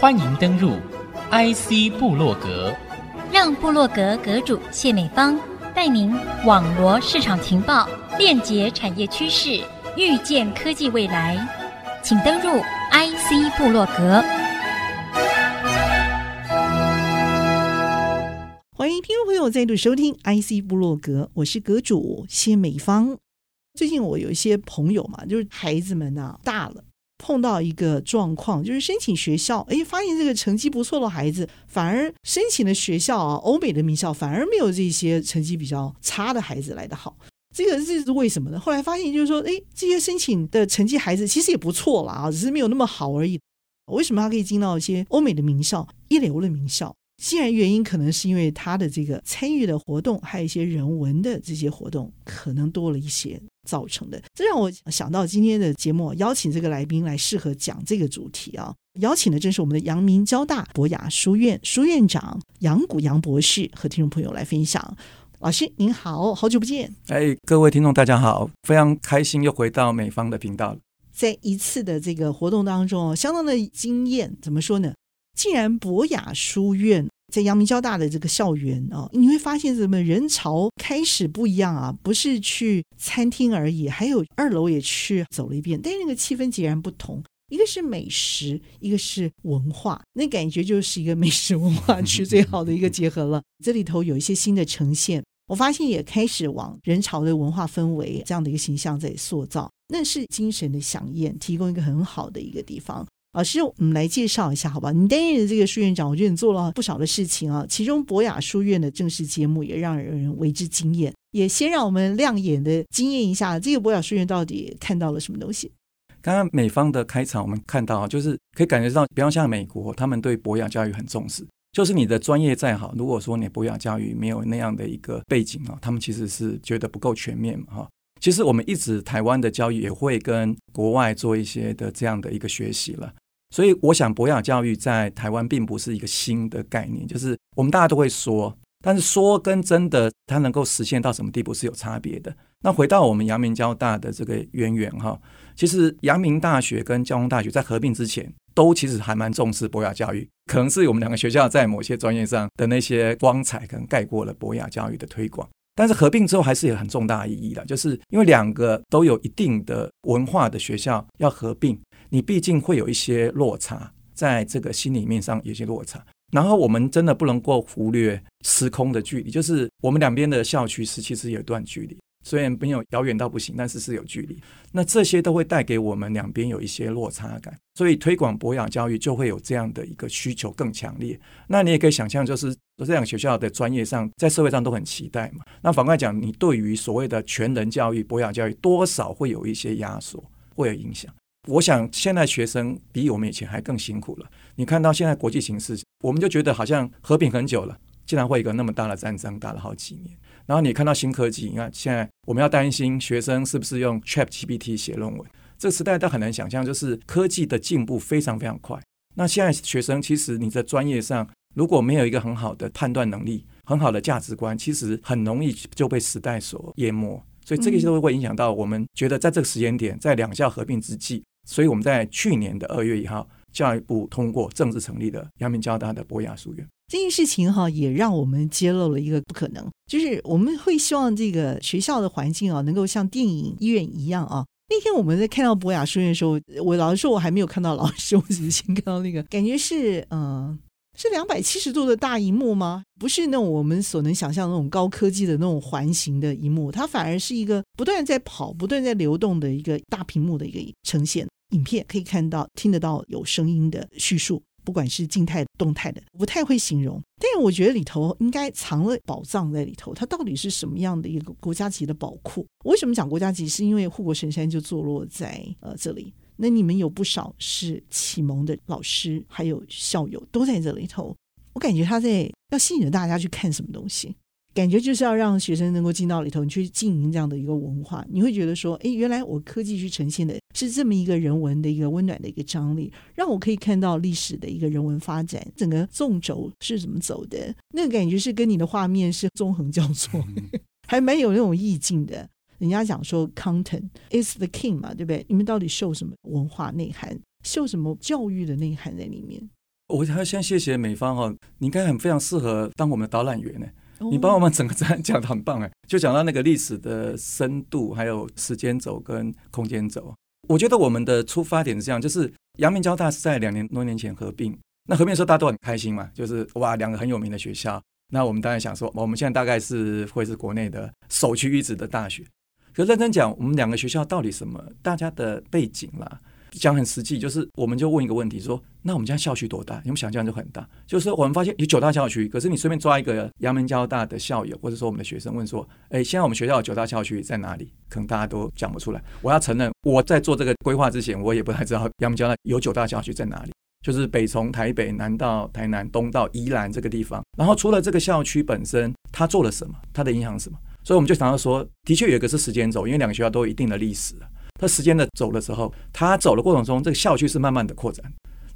歡迎登入 IC 部落格，讓部落格閣主謝美芳帶您網羅市場情報，鏈接產業趨勢，預見科技未來。請登入 IC 部落格。歡迎聽眾朋友再度收聽 IC 部落格，我是閣主謝美芳。最近我有一些朋友嘛，就是孩子們吶、啊，大了。碰到一個狀況，就是申請學校，哎，發現這個成績不錯的孩子，反而申請的學校啊，歐美的名校，反而沒有這些成績比較差的孩子來得好。這個這是為什麼呢？後來發現就是說，哎，這些申請的成績孩子其實也不錯了啊，只是沒有那麼好而已。為什麼他可以進到一些歐美的名校、一流的名校？既然原因可能是因為他的這個參與的活動，還有一些人文的這些活動，可能多了一些。造成的，這讓我想到今天的節目，邀請這個來賓來適合講這個主題啊。邀請的正是我們的陽明交大博雅書苑書苑長楊谷洋博士和聽眾朋友來分享。老師，您好，好久不見。哎，各位聽眾大家好，非常開心又回到美方的頻道了。在一次的這個活動當中，相當的驚艷，怎麼說呢？竟然博雅書苑。在陽明交大的這個校園啊，你會發現什麼人潮開始不一樣啊，不是去餐廳而已，還有二樓也去走了一遍，但是那個氣氛截然不同，一個是美食，一個是文化，那感覺就是一個美食文化區最好的一個結合了。這裡頭有一些新的呈現，我發現也開始往人潮的文化氛圍這樣的一個形象在塑造，那是精神的饗宴，提供一個很好的一個地方。老師，我們來介紹一下，好吧？你擔任的這個書苑長，我覺得你做了不少的事情啊。其中博雅書苑的正式節目也讓人為之驚艷，也先讓我們亮眼的驚艷一下，這個博雅書苑到底看到了什麼東西？剛剛美方的開場，我們看到就是可以感覺到，比方像美國，他們對博雅教育很重視，就是你的專業再好，如果說你的博雅教育沒有那樣的一個背景啊，他們其實是覺得不夠全面哈。其實我們一直台灣的教育也會跟國外做一些的這樣的一個學習了。所以，我想博雅教育在台灣並不是一個新的概念，就是我們大家都會說，但是說跟真的，它能夠實現到什麼地步是有差別的。那回到我們陽明交大的這個淵源哈，其實陽明大學跟交通大學在合併之前，都其實還蠻重視博雅教育，可能是我們兩個學校在某些專業上的那些光彩，可能蓋過了博雅教育的推廣。但是合併之後，還是有很重大意義的，就是因為兩個都有一定的文化的學校要合併。你畢竟會有一些落差，在這個心理面上有些落差，然後我們真的不能夠忽略時空的距離，就是我們兩邊的校區是其實有一段距離，雖然沒有遙遠到不行，但是是有距離。那這些都會帶給我們兩邊有一些落差感，所以推廣博雅教育就會有這樣的一個需求更強烈。那你也可以想象，就是這兩個學校的專業上在社會上都很期待嘛。那反過來講，你對於所謂的全人教育、博雅教育多少會有一些壓縮，會有影響。我想現在學生比我們以前還更辛苦了。你看到現在國際形勢，我們就覺得好像和平很久了，竟然會一個那麼大的戰爭打了好幾年。然後你看到新科技，你看現在我們要擔心學生是不是用 Chat GPT 寫論文。這個時代，倒很難想象，就是科技的進步非常非常快。那現在學生其實你在專業上如果沒有一個很好的判斷能力、很好的價值觀，其實很容易就被時代所淹沒。所以這個就會影響到我們覺得在這個時間點，在兩校合併之際。所以我們在去年的二月1號一號，教育部通過正式成立的陽明交大的博雅書苑這件事情哈，也讓我們揭露了一個不可能，就是我們會希望這個學校的環境啊，能夠像電影院一樣啊。那天我們在看到博雅書苑的時候，我老實說，我還沒有看到老師，我只是先看到那個，感覺是嗯。呃是兩百七十度的大熒幕嗎？不是那種我們所能想象的那種高科技的那種環形的熒幕，它反而是一個不斷在跑、不斷在流動的一個大屏幕的一個呈現影片，可以看到、聽得到有聲音的敘述，不管是靜態、動態的，不太會形容。但我覺得裡頭應該藏了寶藏在裡頭，它到底是什麼樣的一個國家級的寶庫？我為什麼講國家級？是因為護國神山就坐落在呃這裡。那你們有不少是啟蒙的老師，還有校友都在這裡頭。我感覺他在要吸引着大家去看什麼東西，感覺就是要讓學生能夠進到裡頭，你去經營這樣的一個文化。你會覺得說，誒，原來我科技去呈現的是這麼一個人文的一個溫暖的一個張力，讓我可以看到歷史的一個人文發展，整個縱軸是怎麼走的。那個感覺是跟你的畫面是縱橫交錯，還蠻有那種意境的。人家講說，Content is the king 嘛，對不對？你們到底秀什麼文化內涵？秀什麼教育的內涵在裡面？我想要先謝謝美方哦，你應該很非常適合當我們的導覽員呢。Oh. 你幫我們整個展講得很棒哎，就講到那個歷史的深度，還有時間軸跟空間軸。我覺得我們的出發點是這樣，就是陽明交大是在兩年多年前合併，那合併的時候大家都很開心嘛，就是哇，兩個很有名的學校。那我們當然想說，我們現在大概是會是國內的首屈一指的大學。可是認真講，我們兩個學校到底什麼？大家的背景啦，講很實際，就是我們就問一個問題說，那我們家校區多大？你們想這樣就很大。就是我們發現有九大校區，可是你隨便抓一個陽明交大的校友，或者說我們的學生問說：，誒、欸，現在我們學校有九大校區在哪裡？可能大家都講不出來。我要承認，我在做這個規劃之前，我也不太知道陽明交大有九大校區在哪裡。就是北從臺北，南到臺南，東到宜蘭這個地方。然後除了這個校區本身，它做了什麼？它的影響是什麼？所以我們就想到說，的確有一個是時間軸，因為兩個學校都有一定的歷史。它時間的走的時候，它走的過程中，這個校區是慢慢的擴展。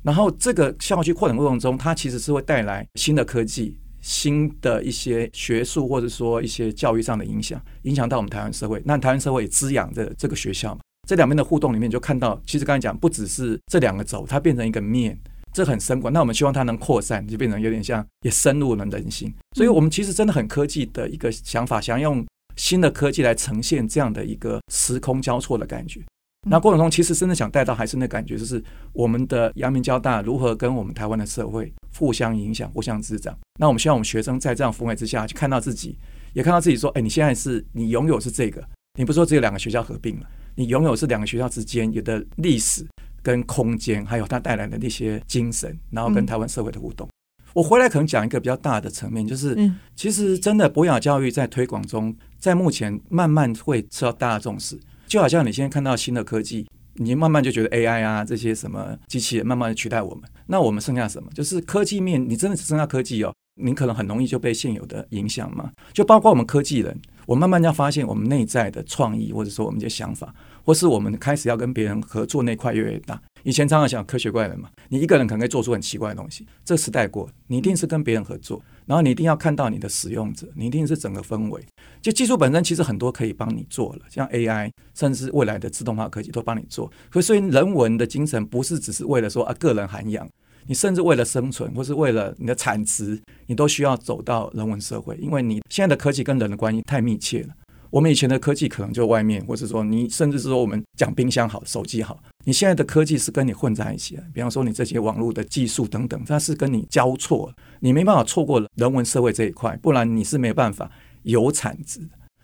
然後這個校區擴展過程中，它其實是會帶來新的科技、新的一些學術或者說一些教育上的影響，影響到我們台灣社會。那台灣社會也滋養着這個學校嘛，這兩邊的互動裡面，就看到其實剛才講不只是這兩個軸，它變成一個面。這很深廣，那我們希望它能擴散，就變成有點像也深入了人心。所以，我們其實真的很科技的一個想法、嗯，想用新的科技來呈現這樣的一個時空交錯的感覺。嗯、那過程中，其實真的想帶到還是那感覺，就是我們的陽明交大如何跟我們台灣的社會互相影響、互相滋長。那我們希望我們學生在這樣氛圍之下，去看到自己，也看到自己說：哎，你現在是，你擁有是這個，你不是說只有兩個學校合併了，你擁有是兩個學校之間有的歷史跟空間，還有它帶來的那些精神，然後跟台灣社會的互動，嗯、我回來可能講一個比較大的層面，就是，嗯、其實真的博雅教育在推廣中，在目前慢慢會受到大家重視。就好像你現在看到新的科技，你慢慢就覺得 AI 啊這些什麼機器人慢慢取代我們，那我們剩下什麼？就是科技面，你真的只剩下科技哦，你可能很容易就被現有的影響嘛。就包括我們科技人，我慢慢要發現我們內在的創意，或者說我們的想法。或是我們開始要跟別人合作，那塊越來越大。以前常常想科學怪人嘛，你一個人可能可以做出很奇怪的東西。這時代過，你一定是跟別人合作，然後你一定要看到你的使用者，你一定是整個氛圍。就技術本身其實很多可以幫你做了，像 AI，甚至是未來的自動化科技都幫你做。可所以，人文的精神不是只是為了說啊個人涵養，你甚至為了生存，或是為了你的產值，你都需要走到人文社會，因為你現在的科技跟人的關係太密切了。我們以前的科技可能就外面，或者說你甚至是說我們講冰箱好、手機好，你現在的科技是跟你混在一起的，比方說你這些網絡的技術等等，它是跟你交錯，你沒辦法錯過了人文社會這一塊，不然你是沒辦法有產值。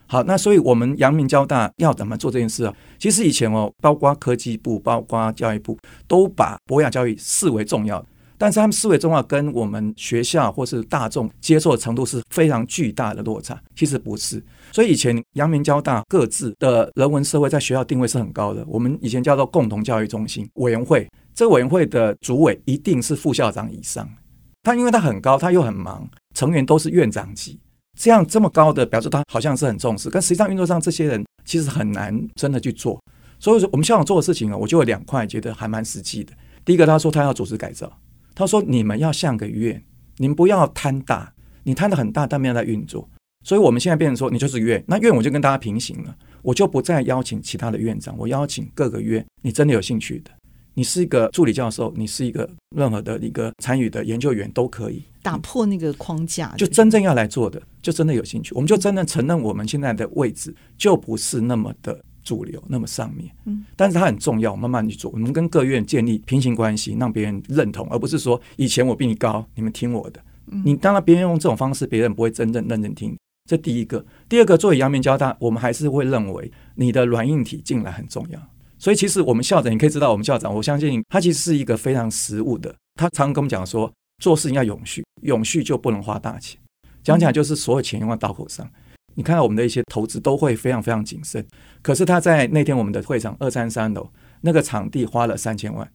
好，那所以我們陽明交大要怎麼做這件事啊？其實以前哦，包括科技部、包括教育部，都把博雅教育視為重要的。但是他們思維中啊，跟我們學校或是大眾接受的程度是非常巨大的落差。其實不是，所以以前陽明交大各自的人文社會在學校定位是很高的。我們以前叫做共同教育中心委員會，這個委員會的主委一定是副校長以上。他因為他很高，他又很忙，成員都是院長級。這樣這麼高的表示他好像是很重視，但實際上運作上這些人其實很難真的去做。所以說我們校長做的事情啊，我就有兩塊覺得還蠻實際的。第一個他說他要組織改造。他說：“你們要像個院，你們不要貪大，你貪得很大，但沒有在運作。所以我們現在變成說，你就是院，那院我就跟大家平行了，我就不再邀請其他的院長，我邀請各個院。你真的有興趣的，你是一個助理教授，你是一個任何的一個參與的研究員都可以打破那個框架，就真正要來做的，就真的有興趣，我們就真正承認我們現在的位置就不是那麼的。”主流那麼上面，嗯，但是它很重要，我們慢慢去做。我們跟各院建立平行關係，讓別人認同，而不是說以前我比你高，你們聽我的。你當然別人用這種方式，別人不會真正認真聽。這第一個，第二個，作為陽明交大，我們還是會認為你的軟硬體進來很重要。所以其實我們校長，你可以知道，我們校長，我相信他其實是一個非常實務的。他常跟我們講說，做事要永續，永續就不能花大錢。講講就是所有錢用在刀口上。你看到我們的一些投資都會非常非常謹慎，可是他在那天我們的會場二三三樓那個場地花了三千萬，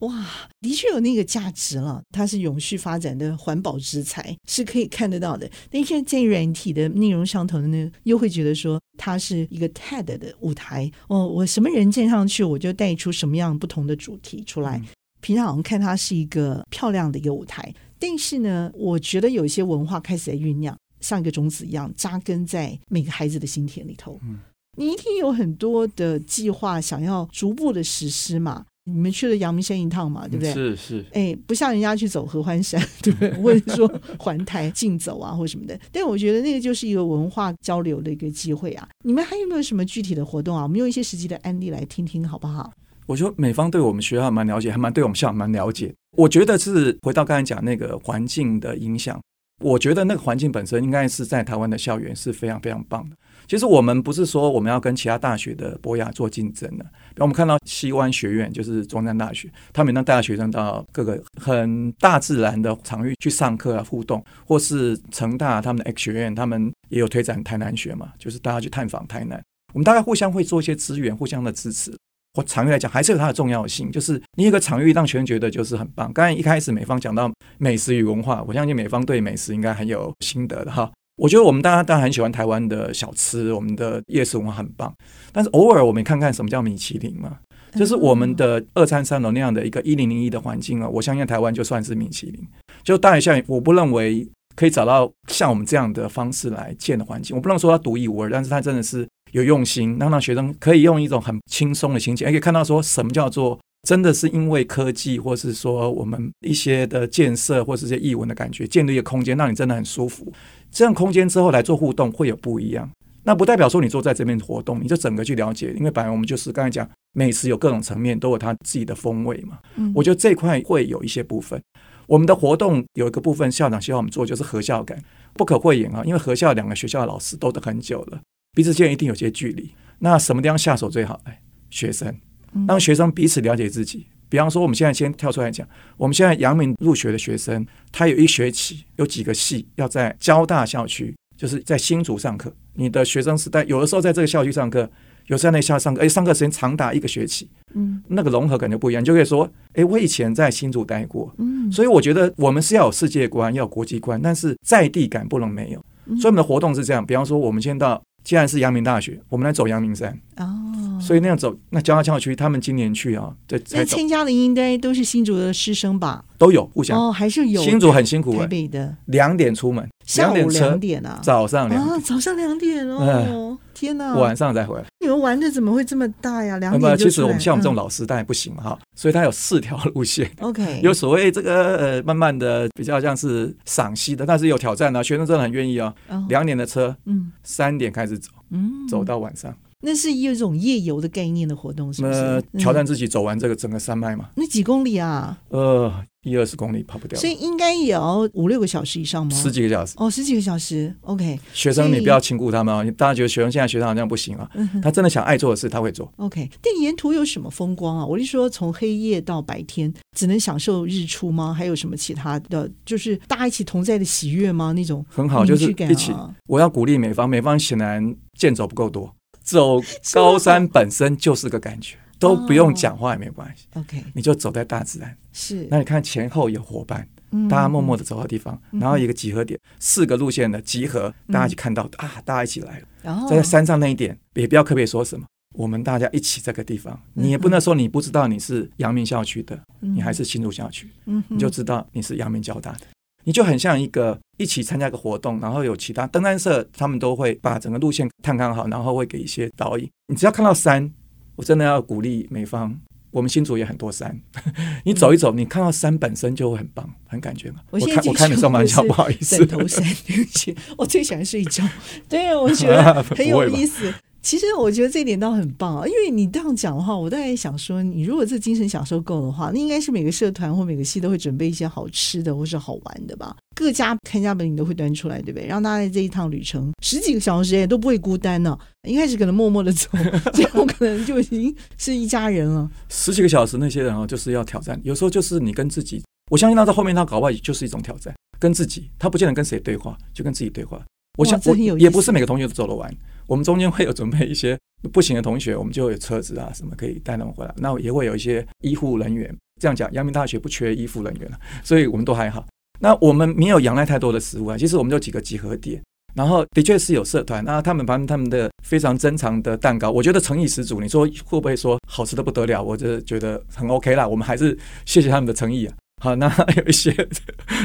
哇，的確有那個價值了。它是永續發展的環保之材，是可以看得到的。那你看在軟體的內容上頭的呢，又會覺得說它是一個 TED 的舞台。哦，我什麼人站上去，我就帶出什麼樣不同的主題出來。嗯，平常好像看它是一個漂亮的一個舞台，但是呢，我覺得有一些文化開始在醞釀。像一個種子一樣紮根在每個孩子的心田裡頭。嗯，你一定有很多的計劃想要逐步的實施嘛？你們去了陽明山一趟嘛？對不對？是、嗯、是。哎，不像人家去走合歡山，對不對？不、嗯、會說環台競走啊， 或什麼的。但我覺得那個就是一個文化交流的一個機會啊。你們還有沒有什麼具體的活動啊？我們用一些實際的案例來聽聽好不好？我覺得美方對我們學校蠻了解，還蠻對我們學校蠻了解。我覺得是回到剛才講那個環境的影響。我覺得那個環境本身應該是在台灣的校園是非常非常棒的。其實我們不是說我們要跟其他大學的博雅做競爭的。我們看到西灣學院，就是中山大學，他們能帶大學生到各個很大自然的場域去上課啊、互動，或是成大他們的 X 學院，他們也有推展台南學嘛，就是大家去探訪台南。我們大概互相會做一些資源，互相的支持。或場域來講，還是有它的重要性。就是你一個場域讓全人覺得就是很棒。剛才一開始美方講到美食與文化，我相信美方對美食應該很有心得的哈。我覺得我們大家當然很喜歡台灣的小吃，我們的夜市文化很棒。但是偶爾我們看看什麼叫米其林嘛，就是我們的二餐三樓那樣的一個一零零一的環境啊、喔。我相信台灣就算是米其林，就當然像我不認為可以找到像我們這樣的方式來建的環境。我不能說它獨一無二，但是它真的是。有用心，讓讓學生可以用一種很輕鬆的心情，而且可以看到說什麼叫做真的是因為科技，或是說我們一些的建設，或是一些藝文的感覺，建立一個空間，讓你真的很舒服。這樣空間之後來做互動，會有不一樣。那不代表說你坐在這邊活動，你就整個去了解。因為本來我們就是剛才講美食，有各種層面都有它自己的風味嘛。嗯，我覺得這塊會有一些部分。我們的活動有一個部分，校長希望我們做就是合校感，不可諱言啊，因為合校兩個學校的老師都等很久了。彼此之間一定有些距離。那什麼地方下手最好？哎、學生，讓學生彼此了解自己。比方說，我們現在先跳出來講，我們現在陽明入學的學生，他有一學期，有幾個系要在交大校區，就是在新竹上課。你的學生時代，有的時候在這個校區上課，有時候在那校上課。誒、哎，上課時間長達一個學期。嗯，那個融合感覺不一樣。你就可以說，誒、哎，我以前在新竹待過。嗯，所以我覺得我們是要有世界觀，要有國際觀，但是在地感不能沒有。所以我們的活動是這樣。比方說，我們先到。既然是陽明大學，我們來走陽明山哦。所以那樣走，那江夏校區他們今年去啊、哦，對。那參加的應該都是新竹的師生吧？都有互相哦，還是有新竹很辛苦，台北的兩點出門，下午兩點啊，早上兩啊、哦，早上兩點哦，天哪、啊，晚上再回來。你們玩的怎麼會這麼大呀？兩點就那麼，其實我們像我們這種老師當然、嗯、不行哈，所以他有四條路線。OK，有所謂這個呃，慢慢的比較像是賞析的，但是有挑戰呢、啊，學生真的很願意啊、哦。兩、哦、點的車，嗯，三點開始走，嗯，走到晚上。那是一種夜遊的概念的活動，是嗎？挑戰自己走完這個整個山脈嘛？那幾公里啊？呃，一二十公里跑不掉，所以應該也要五六個小時以上嗎？十幾個小時？哦，十幾個小時。OK，學生你不要輕顧他們啊、哦！大家覺得學生現在學生好像不行啊、嗯哼？他真的想愛做的事，他會做。OK，那沿途有什麼風光啊？我是說，從黑夜到白天，只能享受日出嗎？還有什麼其他的？就是大家一起同在的喜悅嗎？那種、啊、很好，就是一起。我要鼓勵美方，美方顯然健走不夠多。走高山本身就是個感覺，都不用講話也沒關係。Oh, OK，你就走在大自然。是，那你看前後有伙伴，mm -hmm. 大家默默的走到地方，然後一個集合點，mm -hmm. 四個路線的集合，大家一起看到、mm -hmm. 啊，大家一起來了。然、oh. 後在山上那一點，也不要特別說什麼，我們大家一起這個地方，你也不能說你不知道你是陽明校區的，mm -hmm. 你還是新竹校區，mm -hmm. 你就知道你是陽明交大的。你就很像一個一起參加一個活動，然後有其他登山社，他們都會把整個路線探勘好，然後會給一些導引。你只要看到山，我真的要鼓勵美方，我們新竹也很多山。 你走一走，你看到山本身就會很棒，很感覺嘛。我，、就是、我看我看你笑蠻笑不好意思。枕頭山，對不起，我最喜歡是一種，對，我覺得很有意思。啊，不會吧。其實我覺得這一點倒很棒啊，因為你這樣講的話，我當然想說，你如果這精神享受夠的話，那應該是每個社團或每個系都會準備一些好吃的或是好玩的吧，各家看家本領都會端出來，對不對？讓大家在這一趟旅程十幾個小時哎都不會孤單呢。一開始可能默默的走，最後可能就已經是一家人了。 十幾個小時那些人哦，就是要挑戰，有時候就是你跟自己。我相信他在後面他搞不好就是一種挑戰，跟自己，他不見得跟誰對話，就跟自己對話。我想，這我也不是每個同學都走得完。我們中間會有準備一些不行的同學，我們就有車子啊什麼可以帶他們回來。那也會有一些醫護人員，這樣講，陽明大學不缺醫護人員，所以我們都還好。那我們沒有仰賴太多的食物啊，其實我們有幾個集合點，然後的確是有社團啊，那他們把他們的非常珍藏的蛋糕，我覺得誠意十足。你說會不會說好吃的不得了？我就覺得很 OK 啦。我們還是謝謝他們的誠意啊。好，那有一些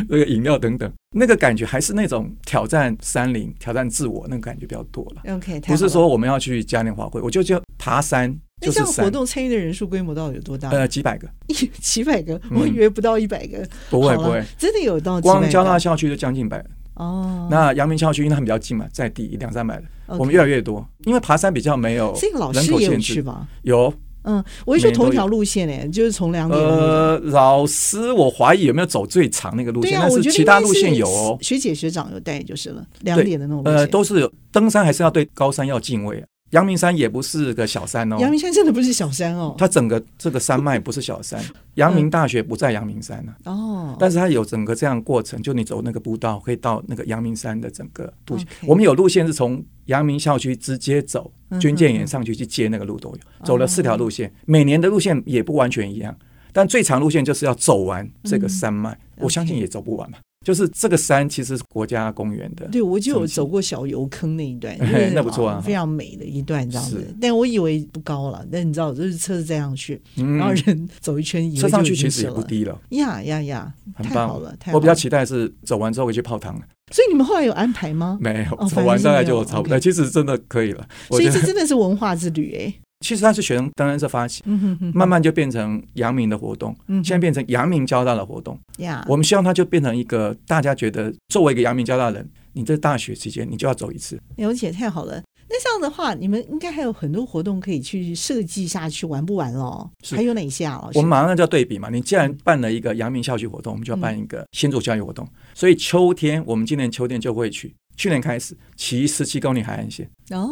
那、這個飲料等等，那個感覺還是那種挑戰山林、挑戰自我那個感覺比較多了。OK，了不是說我們要去嘉年華會，我就叫爬山,就山。那這樣活動參與的人數規模到底有多大？呃，幾百個， 幾百個，我以為不到一百個。嗯、不會不會，真的有到幾百個光交大校區就將近百。哦、oh,，那陽明校區因為很比較近嘛，再低一兩三百的、okay。我們越來越多，因為爬山比較沒有人口限制這個老師也有去嗎？有。嗯，我是說同一條路線呢、欸，就是從兩點。呃，老師，我懷疑有沒有走最長那個路線？啊、但是其他路線有哦。學姐學長有帶就是了，兩點的那種路線。呃，都是有，登山，還是要對高山要敬畏、啊。陽明山也不是個小山哦，陽明山真的不是小山哦，它整個這個山脈不是小山，陽、嗯、明大學不在陽明山呢、啊嗯，哦，但是它有整個這樣的過程，就你走那個步道可以到那個陽明山的整個路線，okay，我們有路線是從陽明校區直接走、嗯、軍艦岩上去、嗯、去接那個路都有、嗯，走了四條路線、嗯，每年的路線也不完全一樣，但最長路線就是要走完這個山脈、嗯，我相信也走不完嘛。嗯 okay 就是這個山其實是國家公園的，對我就有走過小油坑那一段，哎、那不錯、啊，非常美的一段，這樣子是。但我以為不高了，但你知道，就是車子這樣去、嗯，然後人走一圈，車上去其實也不低了，呀呀呀，太好了！我比較期待是走完之後回去泡湯了。所以你們後來有安排嗎？沒有，哦、走完大概就差不多、哦。其實真的可以了、okay，所以這真的是文化之旅、哎其實他是學生，當然是發起、嗯哼哼哼，慢慢就變成陽明的活動，嗯、現在變成陽明交大的活動。呀、嗯，我們希望它就變成一個大家覺得作為一個陽明交大人，你在大學期間你就要走一次。了解，太好了，那這樣的話你們應該還有很多活動可以去設計下去玩不玩了？還有哪些啊？老師我們馬上就要對比嘛。你既然辦了一個陽明校區活動，我們就要辦一個新竹教育活動、嗯。所以秋天，我們今年秋天就會去。去年開始騎十七公里海岸線，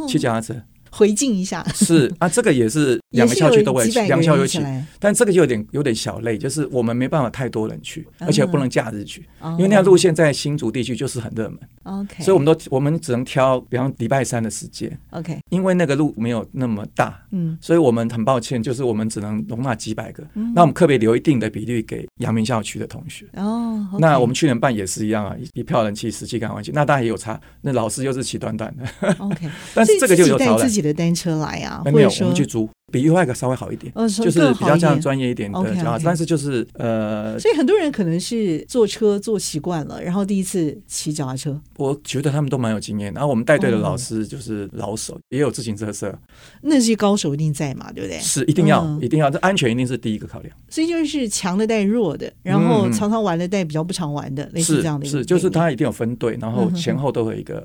騎腳踏車。回敬一下是啊，這個也是兩個校區都會去，兩個校區一起，但這個就有點有點小累，就是我們沒辦法太多人去，而且不能假日去，uh -huh. 因為那個路線在新竹地區就是很熱門，OK，所以我們都我們只能挑比方說禮拜三的時間，OK，因為那個路沒有那麼大，嗯，所以我們很抱歉，就是我們只能容納幾百個，那、嗯、我們特別留一定的比例給陽明校區的同學，哦、oh, okay.，那我們去年辦也是一樣啊，一票人去十七個人去，那大家也有差，那老師又是騎短短的。o、okay. k 但是這個就有挑戰。騎着單車來啊，沒、嗯、有，我們去租。比另外一個稍微好一點，嗯、就是比較像專業一點的腳踏車，嗯嗯，但是就是 okay, okay. 呃，所以很多人可能是坐車坐習慣了，然後第一次騎腳踏車。我覺得他們都蠻有經驗，然後我們帶隊的老師就是老手，嗯，也有自行車社。那些高手一定在嘛，對不對？是一定要，一定要，這、嗯、安全一定是第一個考量。所以就是強的帶弱的，然後常常玩的帶比較不常玩的，類似、嗯、這樣的一個，是，是就是他一定有分隊，然後前後都有一個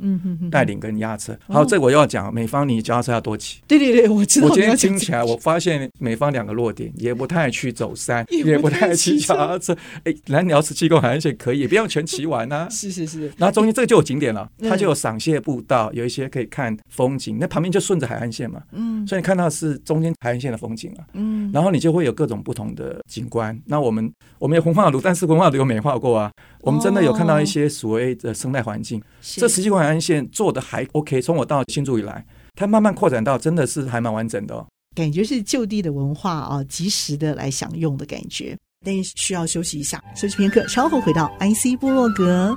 帶領跟壓車，嗯嗯嗯嗯嗯。好，這我要講，美方你腳踏車要多騎。對對對，我知道，我今天我發現美方兩個弱點，也不太去走山， 也不太去騎車。哎，南寮十七公里海岸線可以，不用全騎完啊。 是是是。然後中間這個就有景點了， 它就有賞蟹步道、嗯，有一些可以看風景。那旁邊就順着海岸線嘛。嗯。所以你看到是中間海岸線的風景啊。嗯。然後你就會有各種不同的景觀。那、嗯、我們我們紅化爐，但是紅化爐有美化過啊。 我們真的有看到一些所謂的生態環境。 這十七公里海岸線做的還 OK。從我到新竹以來，它慢慢擴展到真的是還蠻完整的、哦。感覺是就地的文化啊，及時的來享用的感覺，但是需要休息一下，休息片刻，稍後回到 I C 部落格。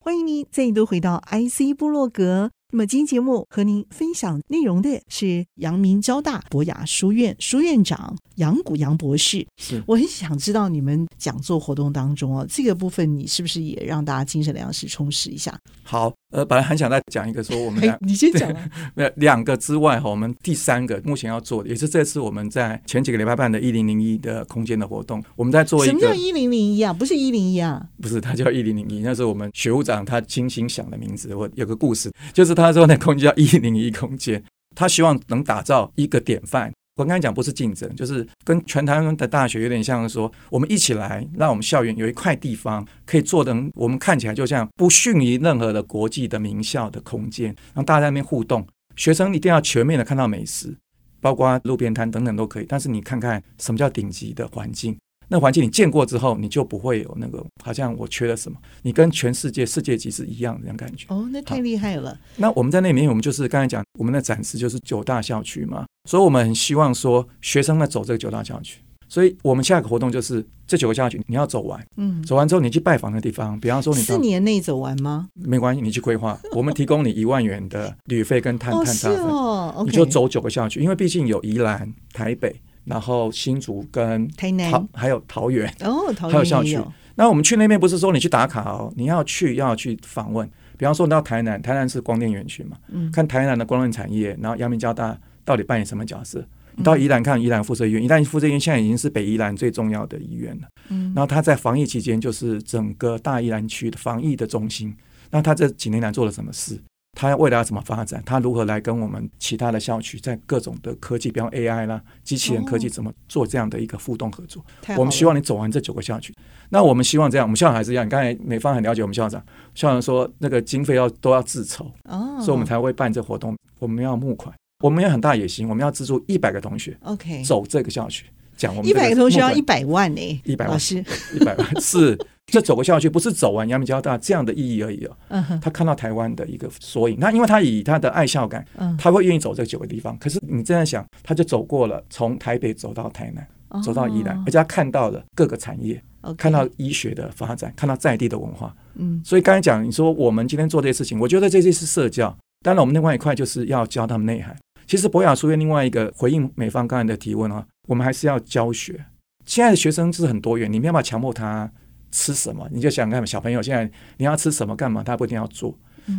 歡迎你再一度回到 I C 部落格。那麼今天節目和您分享內容的是陽明交大博雅書苑書苑長楊谷洋博士。是，我很想知道你們講座活動當中哦，這個部分你是不是也讓大家精神糧食充實一下？好，呃，本來還想再講一個，說我們倆、 哎，你先講。那 兩個之外哈、哦，我們第三個目前要做的，也是這次我們在前幾個禮拜辦的“一零零一”的空間的活動，我們在做一個什麼叫“一零零一”啊？不是“一零一”啊？不是，他叫“一零零一”，那是我們學務長他精心想的名字。我有個故事，就是。他說：“那空間叫一零一空間，他希望能打造一個典範。我剛才講不是競爭，就是跟全台灣的大學有點像是說，說我們一起來，讓我們校園有一塊地方可以做等。我們看起來就像不遜於任何的國際的名校的空間，讓大家在那邊互動。學生一定要全面的看到美食，包括路邊攤等等都可以。但是你看看什麼叫頂級的環境。”那環境你見過之後，你就不會有那個好像我缺了什麼。你跟全世界世界級是一樣的那感覺。哦，那太厲害了。那我們在那裡面，我們就是剛才講，我們的展示就是九大校區嘛。所以我們很希望說，學生在走這個九大校區。所以我們下一個活動就是這九個校區你要走完。嗯，走完之後你去拜訪的地方，比方說你在四年內走完嗎？沒關係，你去規劃。我們提供你一萬元的旅費跟探探勘哦，你就走九個校區，因為畢竟有宜蘭、台北。然後新竹跟台南，還有桃園，哦、桃園也有，還有校區。那我們去那邊不是說你去打卡哦，你要去，要去訪問。比方說，你到台南，台南是光電園區嘛、嗯，看台南的光電產業，然後陽明交大到底扮演什麼角色？你到宜蘭看宜蘭附設醫院，嗯、宜蘭附設醫院現在已經是北宜蘭最重要的醫院了，嗯，然後他在防疫期間就是整個大宜蘭區的防疫的中心，那他這幾年來做了什麼事？嗯他要未來要怎麼發展？他如何來跟我們其他的校區在各種的科技，比如 AI 啦、機器人科技，哦、怎麼做這樣的一個互動合作？我們希望你走完這九個校區。那我們希望這樣，我們校長還是一樣。你剛才美方很了解我們校長，校長說那個經費要都要自籌、哦，所以我們才會辦這活動。我們要募款，我們有很大野心，我們要資助一百個同學，OK，走這個校區。哦 okay 一百個同學要一百萬呢，欸，一 百萬老一百萬是這走個校區，不是走完陽明交大這樣的意義而已哦。嗯、他看到台灣的一個縮影，那因為他以他的愛校感、嗯，他會願意走這九個地方。可是你這樣想，他就走過了，從台北走到台南，哦、走到宜蘭，而且他看到了各個產業、okay，看到醫學的發展，看到在地的文化。嗯，所以剛才講，你說我們今天做這些事情，我覺得這些是社交。當然，我們另外一塊就是要教他們內涵。其實博雅書院另外一個回應美方剛才的提問啊。我們還是要教學，現在的學生是很多元，你們要不要強迫他吃什麼，你就想看小朋友現在你要吃什麼幹嘛，他不一定要做。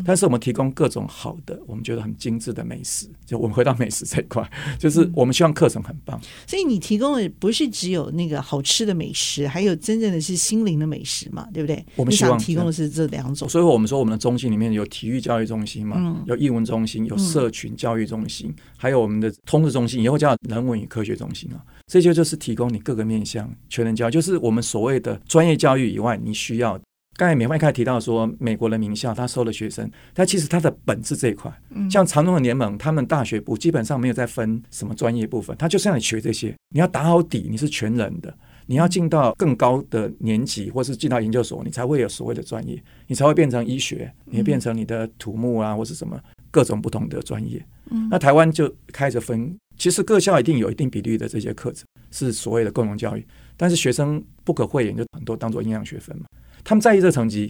但是我們提供各種好的，我們覺得很精緻的美食。就我們回到美食這一塊，就是我們希望課程很棒，嗯。所以你提供的不是只有那個好吃的美食，還有真正的是心靈的美食嘛？對不對？我們希望提供的是這兩種。所以我們說，我們的中心裡面有體育教育中心嘛，嗯、有英文中心，有社群教育中心，嗯、還有我們的通識中心，以後叫人文與科學中心啊。這些就，就是提供你各個面向，全人教育，就是我們所謂的專業教育以外，你需要。剛才美外開提到說，美國的名校他收了學生，他其實他的本質這一塊、嗯，像常春的聯盟，他們大學部基本上沒有在分什麼專業部分，他就是讓你學這些，你要打好底，你是全人的，你要進到更高的年級，或是進到研究所，你才會有所謂的專業，你才會變成醫學，你會變成你的土木啊，嗯、或是什麼各種不同的專業、嗯。那台灣就開着分，其實各校一定有一定比例的這些課程是所謂的共同教育，但是學生不可諱言，就很多當做營養學分嘛。他們在意這個成績，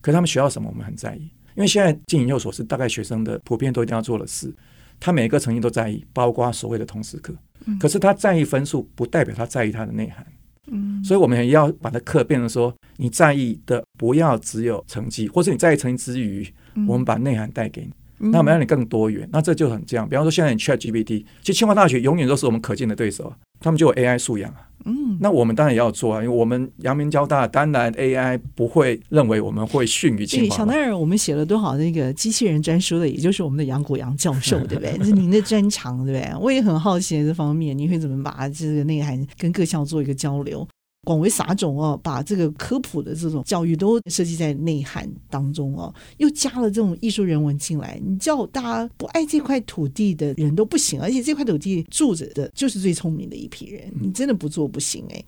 可是他們學到什麼，我們很在意。因為現在進研究所是大概學生的普遍都一定要做的事，他每一個成績都在意，包括所謂的通識課。可是他在意分數，不代表他在意它的內涵。嗯，所以我們也要把那課變成說，你在意的不要只有成績，或是你在意成績之餘、嗯，我們把內涵帶給你、嗯，那我們要讓你更多元。那這就很這樣。比方說現在你 Chat GPT，其實清華大學永遠都是我們可敬的對手，他們就有 AI 素養。嗯， 那我們當然也要做啊，因為我們陽明交大當然 AI 不會認為我們會遜於其他。小奈兒，我們寫了多少那個機器人專書的，也就是我們的楊谷洋教授，對不對？ 是您的專長，對不對？我也很好奇這方面，你會怎麼把這個內涵跟各校做一個交流？廣為撒種哦、啊，把這個科普的這種教育都設計在內涵當中哦、啊，又加了這種藝術人文進來。你叫大家不愛這塊土地的人都不行，而且這塊土地住着的就是最聰明的一批人，你真的不做不行誒、欸？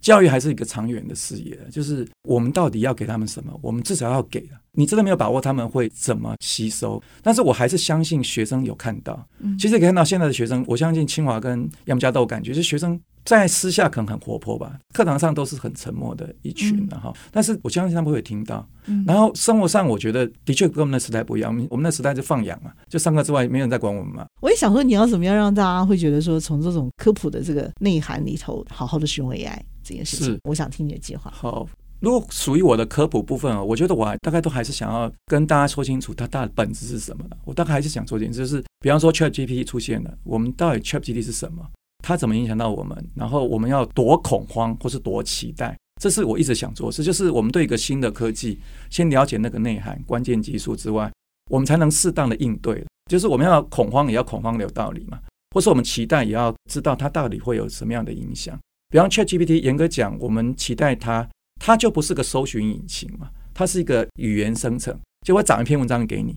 教育還是一個長遠的事業，就是我們到底要給他們什麼？我們至少要給。你真的沒有把握他們會怎麼吸收，但是我還是相信學生有看到。其實可以看到現在的學生，我相信清華跟楊家都有感覺，就是學生。在私下可能很活潑吧，課堂上都是很沉默的一群然、啊、後、嗯，但是我相信他們會有聽到、嗯。然後生活上，我覺得的確跟我們的時代不一樣，我們那時代就放養嘛、啊，就上課之外沒人在管我們嘛。我也想說，你要怎麼樣讓大家會覺得說，從這種科普的這個內涵裡頭，好好的使用 AI 這件事情。我想聽你的計劃。好，如果屬於我的科普部分啊、哦，我覺得我、啊、大概都還是想要跟大家說清楚它大的本質是什麼的。我大概還是想說清楚，就是比方說 Chat GPT 出現了，我們到底 Chat GPT 是什麼？它怎麼影響到我們？然後我們要多恐慌，或是多期待？這是我一直想做的事。這就是我們對一個新的科技，先了解那個內涵、關鍵技術之外，我們才能適當的應對。就是我們要恐慌，也要恐慌有道理嘛，或是我們期待，也要知道它到底會有什麼樣的影響。比方 ChatGPT，嚴格講，我們期待它，它就不是個搜尋引擎嘛，它是一個語言生成，就會長一篇文章給你，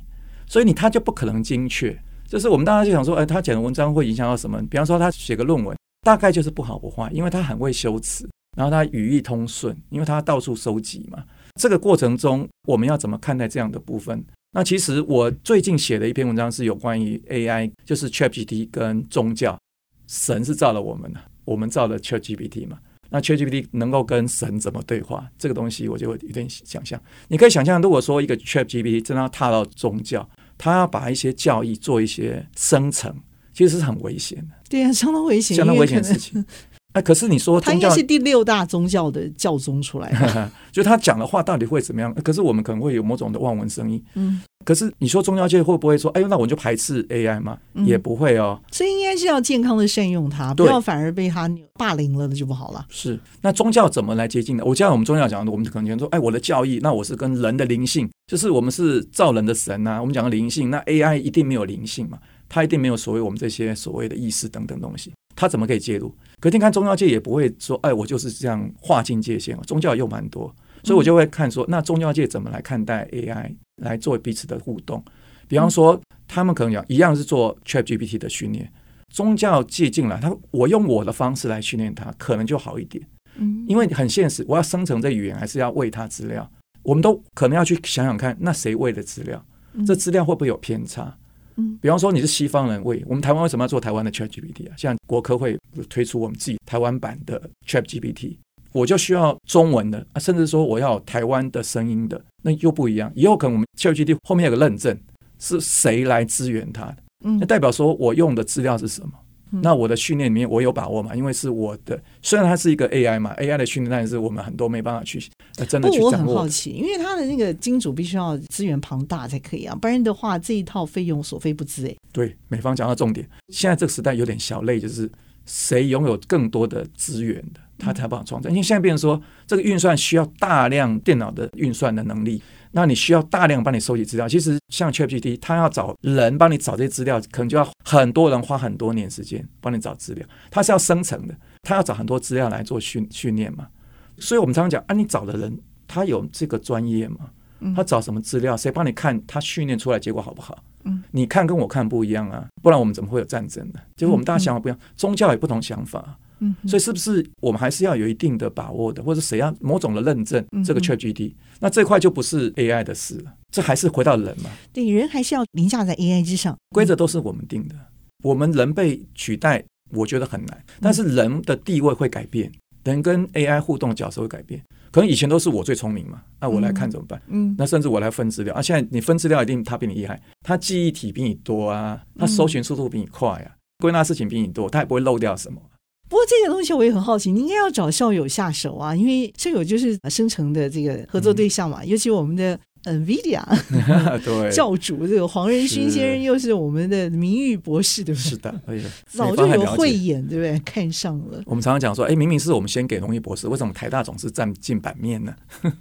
所以你它就不可能精確。就是我們大家就想說，誒、呃，他講的文章會影響到什麼？比方說，他寫個論文，大概就是不好不壞，因為他很會修辭，然後他語義通順，因為他到處收集嘛。這個過程中，我們要怎麼看待這樣的部分？那其實我最近寫的一篇文章是有關於 AI，就是 ChatGPT 跟宗教，神是造了我們的，我們造了 ChatGPT 嘛？那 ChatGPT 能夠跟神怎麼對話？這個東西我就會有點想象。你可以想象，如果說一個 ChatGPT 真的要踏到宗教。他要把一些教義做一些生成，其實是很危險的。對啊，相當危險，相當危險的事情。那可、啊、可是你說，他應該是第六大宗教的教宗出來的， 就他講的話到底會怎麼樣、啊？可是我們可能會有某種的望文生義。嗯。可是你說宗教界會不會說，哎，呦，那我就排斥 AI 嘛、嗯？也不會哦，所以應該是要健康的善用它，不要反而被它霸凌了，那就不好了。是，那宗教怎麼來接近呢？我記得我們宗教講，的，我們就可能覺得說，哎，我的教義，那我是跟人的靈性，就是我們是造人的神吶、啊。我們講的靈性，那 AI 一定沒有靈性嘛，它一定沒有所謂我們這些所謂的意識等等東西，它怎麼可以介入？可是你看宗教界也不會說，哎，我就是這樣劃清界限，宗教又蠻多。所以我就會看說，那宗教界怎麼來看待 AI 來做彼此的互動？比方說，嗯、他們可能講一樣是做 ChatGPT 的訓練，宗教界進來，他我用我的方式來訓練它，可能就好一點、嗯。因為很現實，我要生成這語言，還是要餵它資料？我們都可能要去想想看，那誰餵的資料？這資料會不會有偏差？嗯、比方說你是西方人餵，我們台灣為什麼要做台灣的 ChatGPT 啊？像國科會推出我們自己台灣版的 ChatGPT。我就需要中文的啊，甚至說我要台灣的聲音的，那又不一樣。也有可能我們 ChatGPT 後面有個認證，是誰來支援它的？那、嗯、代表說我用的資料是什麼、嗯？那我的訓練裡面我有把握嘛？因為是我的，雖然它是一個 AI 嘛，AI 的訓練但是我們很多沒辦法去、呃、真的去，掌握的。不，我很好奇，因為他的那個金主必須要資源龐大才可以啊，不然的話這一套費用所費不貲。哎，對，美方講到重點，現在這個時代有點小累，就是誰擁有更多的資源的。他才不好創造。因為現在變成說這個運算需要大量電腦的運算的能力，那你需要大量幫你收集資料。其實像 ChatGPT，他要找人幫你找這些資料，可能就要很多人花很多年時間幫你找資料。他是要生成的，他要找很多資料來做訓訓練嘛。所以我們常常講啊，你找的人他有這個專業嗎？他找什麼資料？誰幫你看？他訓練出來結果好不好、嗯？你看跟我看不一樣啊，不然我們怎麼會有戰爭呢、啊？結果我們大家想法不一樣，嗯嗯宗教有不同想法。嗯， 所以是不是我們還是要有一定的把握的，或者誰要某種的認證這個 ChatGPT？那這塊就不是 AI 的事了，這還是回到人嘛？對，人還是要凌駕在 AI 之上。規則都是我們定的，我們人被取代，我覺得很難。但是人的地位會改變，人跟 AI 互動的角色會改變。可能以前都是我最聰明嘛，啊，那我來看怎麼辦？嗯，那甚至我來分資料啊。現在你分資料一定他比你厲害，他記憶體比你多啊，他搜尋速度比你快啊，歸納事情比你多，他也不會漏掉什麼。不過這些東西我也很好奇，你應該要找校友下手啊，因為校友就是生成的這個合作對象嘛。嗯、尤其我們的嗯，NVIDIA 教主這個黃仁勳先生，又是我們的名譽博士，對不對？是的，哎呀，早就有慧眼，對不對？看上了。我們常常講說，哎，明明是我們先給榮譽博士，為什麼台大總是占盡版面呢？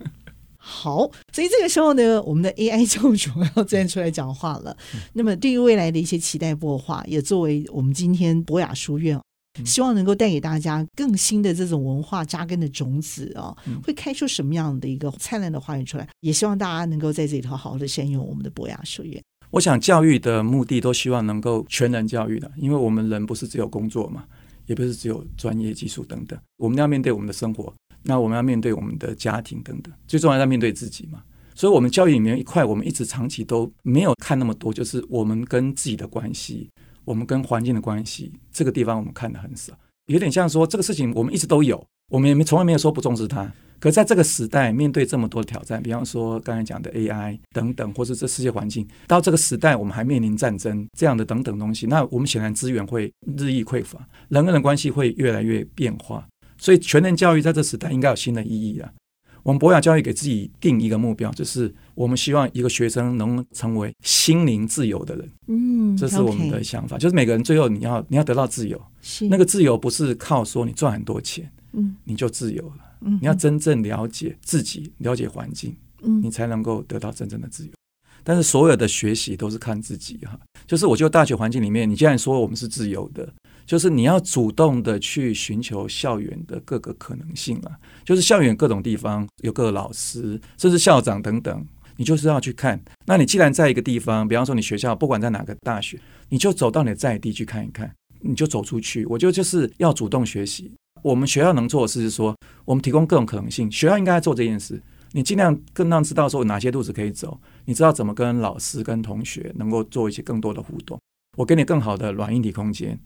好，所以這個時候呢，我們的 AI 教主要站出來講話了、嗯。那麼對於未來的一些期待話，博劃也作為我們今天博雅書苑。嗯、希望能夠帶給大家更新的這種文化紮根的種子啊、哦嗯，會開出什麼樣的一個燦爛的花園出來？也希望大家能夠在這裡頭好好的享用我們的博雅書苑。我想教育的目的都希望能夠全人教育的，因為我們人不是只有工作嘛，也不是只有專業技術等等，我們要面對我們的生活，那我們要面對我們的家庭等等，最重要要面對自己嘛。所以，我們教育裡面一塊，我們一直長期都沒有看那麼多，就是我們跟自己的關係。我們跟環境的關係，這個地方我們看得很少，有點像說這個事情我們一直都有，我們也沒從來沒有說不重視它。可在這個時代，面對這麼多的挑戰，比方說剛才講的 AI 等等，或者是這世界環境，到這個時代我們還面臨戰爭這樣的等等東西，那我們顯然資源會日益匱乏，人跟人關係會越來越變化，所以全人教育在這時代應該有新的意義啊。我們博雅教育給自己定一個目標，就是我們希望一個學生能成為心靈自由的人。嗯，這是我們的想法，okay. 就是每個人最後你要你要得到自由，那個自由不是靠說你賺很多錢，嗯，你就自由了。嗯，你要真正了解自己，了解環境，嗯，你才能夠得到真正的自由。但是所有的學習都是看自己哈，就是我覺得大學環境裡面，你既然說我們是自由的。就是你要主動的去尋求校園的各個可能性了，就是校園各種地方有各個老師，甚至校長等等，你就是要去看。那你既然在一個地方，比方說你學校不管在哪個大學，你就走到你的在地去看一看，你就走出去。我覺得是要主動學習。我們學校能做的是說，我們提供各種可能性，學校應該做這件事。你盡量更讓知道說哪些路子可以走，你知道怎麼跟老師、跟同學能夠做一些更多的互動。我給你更好的軟硬體空間。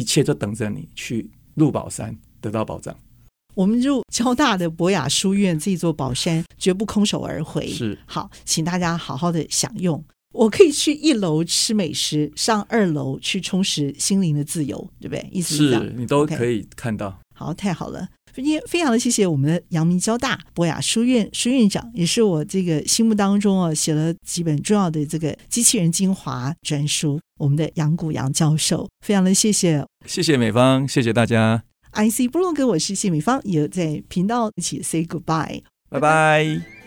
一切都等着你去入寶山，得到保障。我們入交大的博雅書苑這座寶山，絕不空手而回。是。好，請大家好好的享用。我可以去一樓吃美食，上二樓去充實心靈的自由，對不對？意思是，是，你都可以看到。Okay. 好，太好了。非常非常的謝謝我們的陽明交大博雅書苑書苑長，也是我這個心目當中啊、哦、寫了幾本重要的這個機器人精華專書，我們的楊谷洋教授，非常的謝謝，謝謝美芳，謝謝大家。IC 部落格，我是謝美芳，也在頻道一起 say goodbye，拜拜。Bye bye